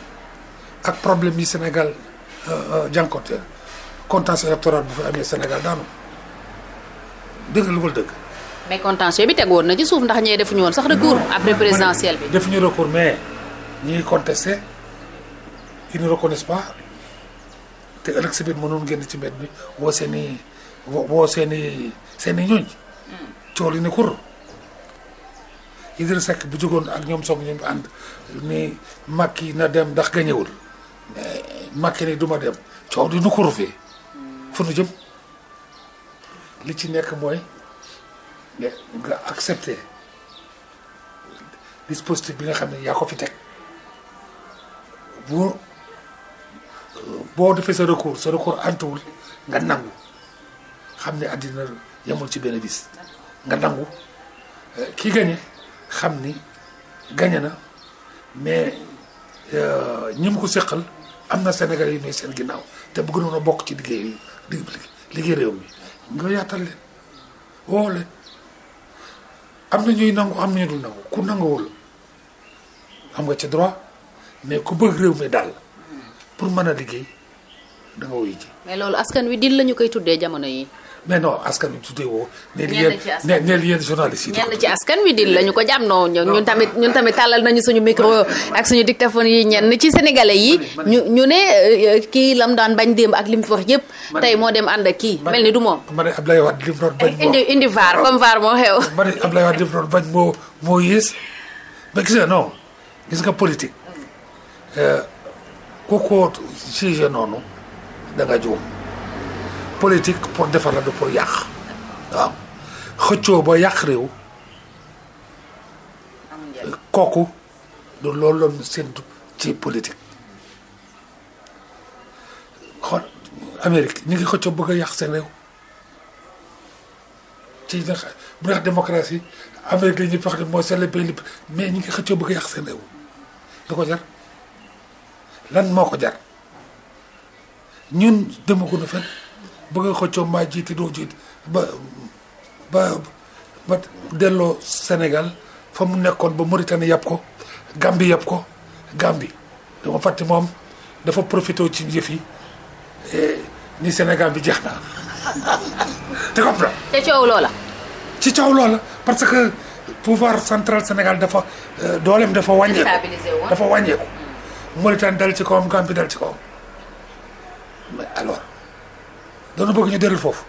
ak problème yi Sénégal euh, euh, jànkoonte contentieux électoral bu fi amee Sénégal daanu dëgg lu dëgg. mais contentieux bi tegoon na ci suuf ndax ñee defuñu woon sax recours après présidentiel bi. defu defuñu recours mais ñi contesté. ils ne reconnaissent pas te ëllëg si biir mënoon génn ci mbedd bi woo seen woo seen i seen i ñooñ hmm. cool yi ne kur Idrissa bu jógoon ak ñoom soog bi ànd ni yi na dem ndax gañewul Macky ni duma dem coow di nu kuru hmm. fu nu jëm li ci nekk mooy nga accepter dispositif bi nga xam ne yaa ko fi teg boo defee sa recours sa recours antuwul nga nangu xam ne àddina yemul ci benn bis nga nangu euh, ki gañe xam ni gañe na mais euh, ñi mu ko seqal am na Sénégalais yu ne seen ginnaaw te bëgg noonu bokk ci liggéey liggéey réew mi nga yaatal leen woo leen am na ñuy nangu am na ñu dul nangu ku nanguwul am nga ci droit mais ku bëgg réew mi daal pour mën a liggéey da mais loolu askan wi dil la ñu koy tuddee jamono yi. mais non askan wi tuddee woo. ñenn ci askan wi ne li yéen wi dil la ko jàmm non ñun tamit ñun tamit tàllal nañu suñu micro ak suñu dictaphone yi ñenn ci sénégalais yi ñu ñu ne euh, kii lam daan bañ démb ak li mu fi wax yëpp. tey moo dem ànd ak kii mel ni du moom. ma ne Abdoulaye Wade li mu doon bañ. indi indi vaar comme vaar moo xew. ma ne Abdoulaye Wade li mu doon bañ moo moo yées ba gis nga non gis nga politique euh, ku ko jugé noonu da nga juum politique pour defar la du pour yàq waaw xëccoo ba yàq réew kooku du loolu loon séntu ci politique xool Amérique ñu ngi xëccoo bëgg a yàq seen réew ci ndax bu neex démocratie Amérique la ñuy mooy c'est le pays mais ñu ngi xëccoo bëgg a yàq seen réew da ko jar lan moo ko jar ñun demaguñu fen bëgg nga xëccoo maa jiite doo jiite ba ba ba delloo Sénégal fa mu nekkoon ba Mauritanie yàpp ko Gambie yàpp ko Gambie dama fàtte moom dafa profité ci yëf yi eh, ni Sénégal bi jeex na te comprendre. te coow loola. ci coow loola parce que pouvoir central Sénégal dafa euh, dooleem dafa wàññeeku dafa wàññeeku. Mauritanie dal ci kawam Gambie dal ci kawam mais alors doonu bëgg ñu dellu foofu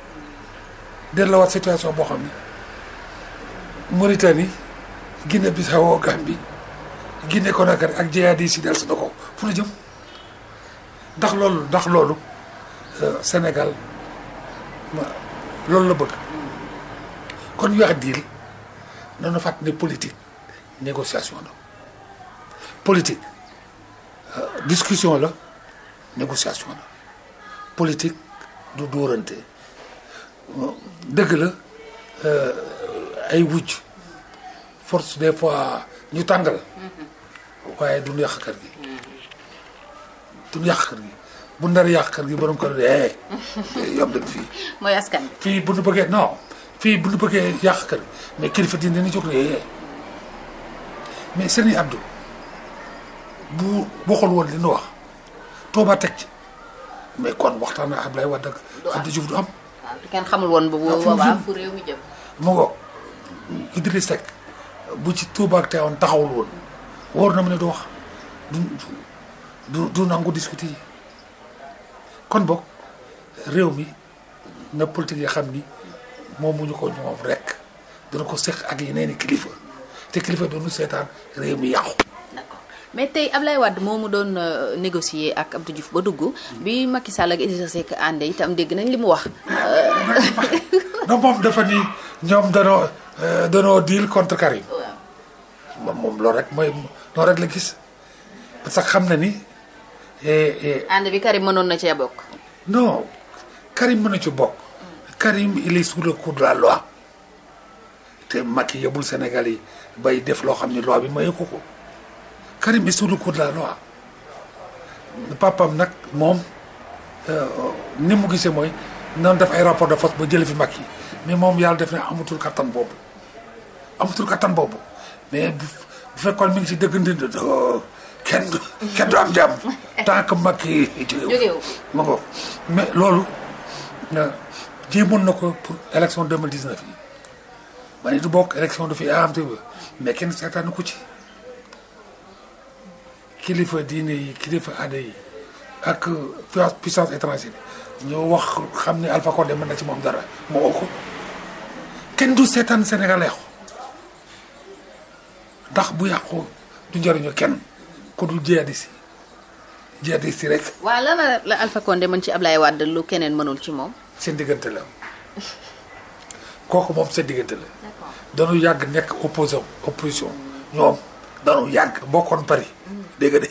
dellu la waat situation boo xam ne Mauritanie Guinée Bissau Gambie Guinée Conakry ak jihadis yi dal si na ko fu na jëm ndax loolu ndax loolu euh, Sénégal loolu la bëgg kon ñu wax diil noonu fàtt ne politique négociation la discussion la négociation la politique du dóorante dëgg la euh, ay wuj force des fois ñu tàngal waaye duñu yàq kër gi duñu yàq kër gi bu ndar yàq kër gi borom kër gi eh, eh yomb dem fii askan bi fii bu ñu bëggee non fii bu ñu bëggee yàq kër mais kilifa diine ni jóg ne eh, eh. mais Serigne Abdou bu waxul woon li nu wax Touba teg ci mais kon waxtaan na Ablaye Wade ak Abdou Diouf du am. waaw woon bu boobaa mu ngoog Idriss Seck bu ci Touba ak Tivaouane taxawul woon wóor na mu ne du wax du du nangu discuter yi kon boog réew mi na politique yi xam ni moom mu ñu ko ñoom rek dana ko seq ak yeneen kilifa te kilifa doonu seetaan réew mi yàqu. mais tey am Ablaye Wade moomu doon euh, négocier ak Abdou Diouf ba dugg. bi Macky Sall ak Idrissa Seck ànde itam dégg nañ li mu wax. Euh, non moom dafa ni ñoom danoo euh, danoo deal contre Karim. moom loolu rek mooy loolu rek la gis parce que xam na ni. ànd bi Karim mënoon na cee bokk. non Karim ci bokk. Karim il est sous le coup de te Macky yóbbul Sénégal yi bay def loo xam ne loi bi mayu ko ko. Karim est sous le coup la loi papam nag moom euh, ni mu gisee mooy nan def ay rapport de force ba jële fi mag yi mais moom yàlla def ne amatul kattan boobu amatul kattan boobu mais bu fekkoon mi ngi ci dëgg ndindi oh, kenn kenn du am jàmm tant que mag yi jógewu ma loolu euh, ji mën na ko pour élection 2019 yi ma ne du bokk élection du fi am mais kenn nu ko ci kilifa diine yi kilifa aada yi ak puissance étrangère ñoo wax xam ne Alpha Condé mën na ci moom dara mu woo ko kenn du seetaan Sénégal yàqu ndax bu yàqu du njëriñu kenn ku dul jihadiste yi jihadiste yi rek. waaw lan la la Alpha Condé mën ci Ablaye Wade lu keneen mënul ci moom. seen diggante la kooku moom seen diggante la. d'accord yàgg nekk opposition opposition ñoom dañu yàgg bokkoon Paris. Mm. dégg de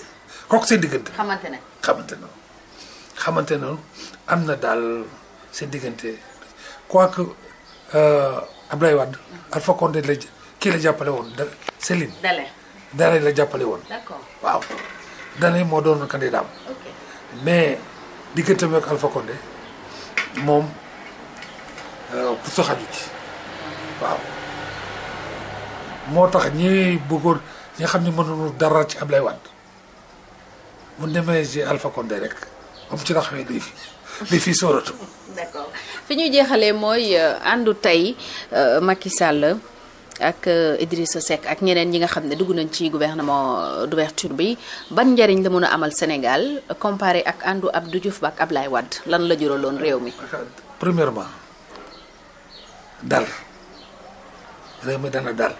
kooku seen diggante. xamante ne xamante ne am na daal seen diggante quoique euh, Abdoulaye Wade. Mm. Alpha Condé la kii la jàppale woon da Céline. Dale la jàppale woon. d'accord waaw. Dale moo doon candidat am. mais diggante bi ak Alpha Condé moom euh, pour soxaju ci waaw. moo tax ñi bëggoon ñi nga xam ne mënuñu dara ci Abdoulaye Wade. bu ñu demee ci Alpha Condé rek moom ci raxawee day fi ñuy jeexalee mooy euh, àndu tey euh, Macky Sall ak euh, Idrissa Seck ak ñeneen ñi nga xam ne dugg nañ ci gouvernement d'ouverture bi ban njariñ la mën a amal Sénégal comparé ak àndu Abdou Diouf ba ak Ablaye Wade lan la juraloon réew mi. premièrement dal réew mi dana dal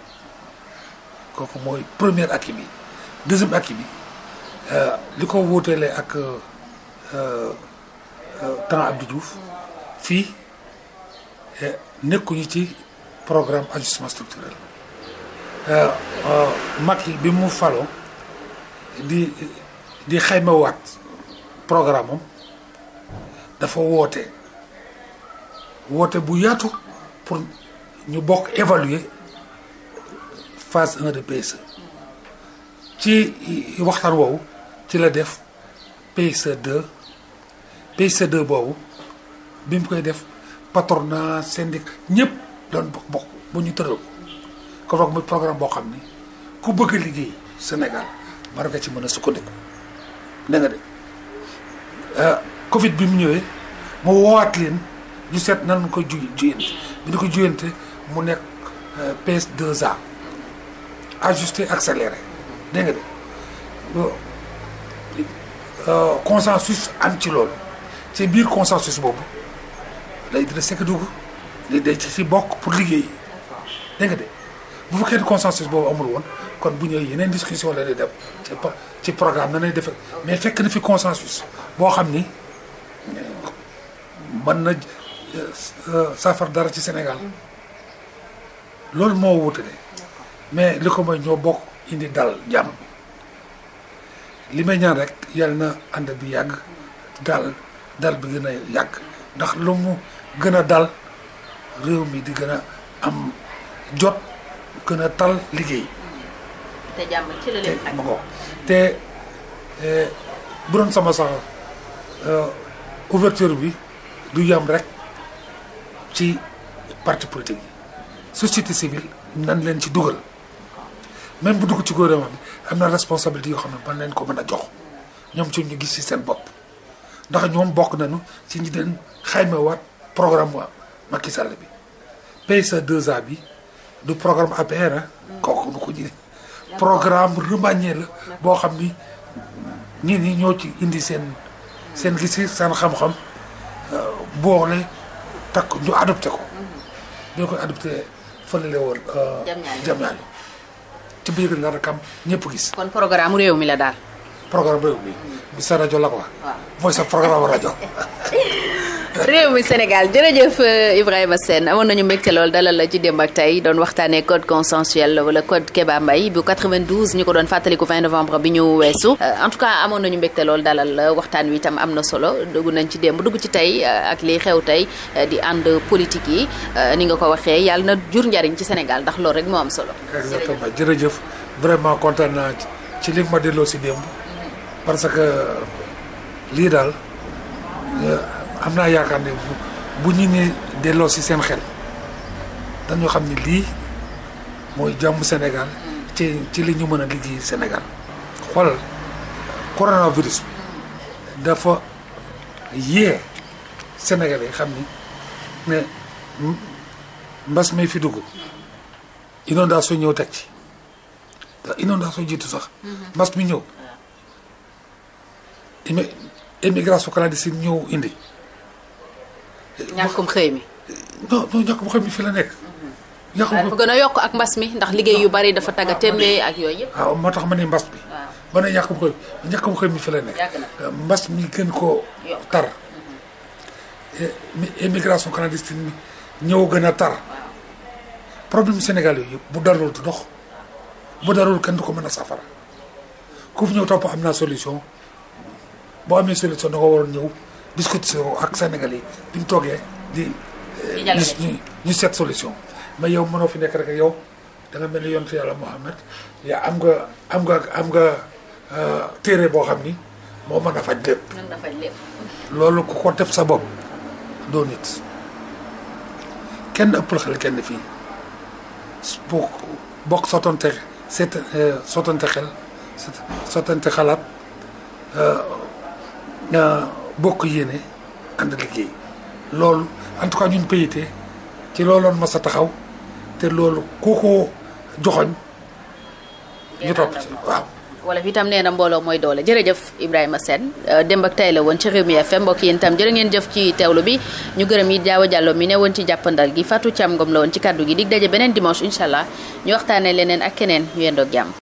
kooku mooy premier acquis bi deuxième acquis bi. Euh, li ko wuutale ak euh, euh, temps Abdou Diouf fii nekkuñu ci programme ajustement structurel Macky bi mu falo di di xaymawaat programme dafa woote woote bu yaatu pour ñu bokk évaluer phase 1 de PSE ci waxtaan woowu ci la def PSE 2 PSE 2 boobu bi mu koy def na syndic ñëpp doon bokk bokk bu ñu tëral ko kon muy programme boo xam ni ku bëgg a liggéey Sénégal war nga ci mën a sukkandiku da de euh, Covid bi mu ñëwee mu woowaat leen ñu seet nan ko ju juyante bi ñu ko juyante mu nekk euh, PS2A ajusté accéléré dégg nga de Euh, consensus am ci loolu ci biir consensus boobu la Idrissa Seck dugg li day ci si bokk pour liggéey dégg nga de bu fekkee ne consensus boobu amul woon kon bu ñëwee yeneen discussion la di dem ci ci programme nanay defe mais fekk na fi consensus boo xam ni mën na euh, euh, safar dara ci Sénégal loolu moo wutale mais li ko mooy ñoo bokk indi dal jàmm li may ñaan rek yal na ànd bi yàgg dal dal bi gën a yàgg ndax lu mu gën a dal réew mi di gën a am jot gën a tal liggéey. te te e, bu doon sama sax e, ouverture bi du yam rek ci parti politique yi société civile nan leen ci dugal. même bu dugg ci góor wax bi am na responsabilité yoo xam ne ban leen ko mën a jox ñoom si ñu gis si seen bopp ndax ñoom bokk nañu ci ñi den xayma waat programme wa Macky Sall bi PSA e 2A bi du programme APR ah kooku du ko ji programme remanié la boo xam ni ñii ni ñoo ci indi seen seen gisi seen xam-xam euh, boole takk ñu adopté ko mhm. ñoo koy adopté fële la woon euh, jamñaani ci bu yëkkati nga rakam ñëpp gis. kon programme réew mi la daal. programme réew mi. bi sa rajo la ko wax. waaw mooy sa programme rajo. réew mi Sénégal jërëjëf euh, Ibrahima Sène amoon nañu mbégte lool dalal la ci démb ak tey doon waxtaanee code consensuel wala code Kéba Mbaye bu 92 ñu ko doon fàttaliku 20 novembre bi ñu weesu euh, en tout cas amoon nañu mbégte lool dalal la waxtaan wi tam am na solo dugg nañ ci démb dugg ci tey euh, ak lii xew tey di ànd politique yi ni nga ko waxee yàlla na jur njariñ ci Sénégal ndax loolu rek moo am solo. exactement jërëjëf vraiment kontaan naa ci li ma delloo si démb parce que lii am naa yaakaar ne bu ñu ne delloo si seen xel dañoo xam ne lii mooy jàmm Sénégal ci ci li ñu mën a liggéey Sénégal xoolal coronavirus bi dafa yee Sénégalais xam ni ne mbas may fi dugg inondation ñëw teg ci ndax inondation jiitu sax mhm. mbas mi ñëw immigration clandestine ñëw indi ñàkkum xëy mi. non xëy mi fi la nekk. Mhm. ñàkkum xëy gën a yokk ak mbas mi ndax liggéey yu bari dafa tagga tembe ak yooyu yëpp. waaw ah, moo tax ma ne mbas bi. waaw ma ne ñàkkum xëy xëy mi fi la nekk. Euh, mbas mi gën koo tar. Mhm. immigration clandestine bi ñëw gën a tar. problème Sénégal yooyu bu darul du dox bu darul kenn du ko mën a safara ku fi ñëw topp am naa solution boo amee solution da nga waroon ñëw. discussion ak Sénégal yi bi ñu di. Eh, ñu ñu seet solution. ma yow mënoo fi nekk rek yow da nga mel ni yonent yàlla Muhammad yaa am nga am nga am nga euh, téere boo xam ni moo mën a faj lépp. loolu ku ko def sa bopp doo nit kenn ëppul xel kenn fii boo bokk sottante seet euh, sottante xel sottante xalaat. Euh, bokk yéene ànd liggéey loolu en ñun PIT ci looloon ma sa taxaw te loolu ku ko joxoñ ñu topp ci waaw itam nee na mbooloo mooy doole jërëjëf Ibrahima Sène euh, démb ak tay la woon ci Rewmi FM mbokk yéen itam jërë ngeen jëf ci teewlu bi ñu gërëm yi Diawa Diallo mi ne woon ci jàppandal gi Fatou Thiam Ngom la woon ci kaddu gi dig daje beneen dimanche incha allah ñu waxtaanee leneen ak keneen ñu yendoog jàmm